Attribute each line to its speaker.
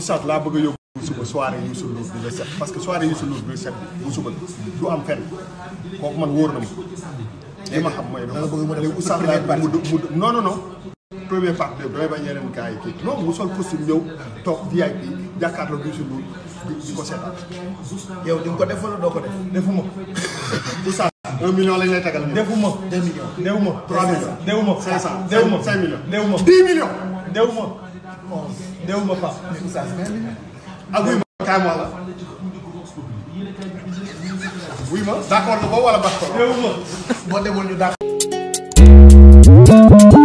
Speaker 1: Oustaz laa bëgg a yóbbu suba soirée Youssou Ndour bi la set parce que soirée Youssou Ndour bi set bu suba du am fenn kooku man wóor na ma li ma xam mooy dama bëgg mu la mu mu non non non premier part de doy ba yeneen gars kii non mu sol costume ñëw toog VIP jàkkaarloo Youssou Ndour di ko seetaan yow di nga ko def wala doo ko def defuma defuma defuma defuma defuma defuma dix ah wuy ma kaay ma la. wuy ma d'accord nga ba wala ba. boo demoon ñu
Speaker 2: d'accord.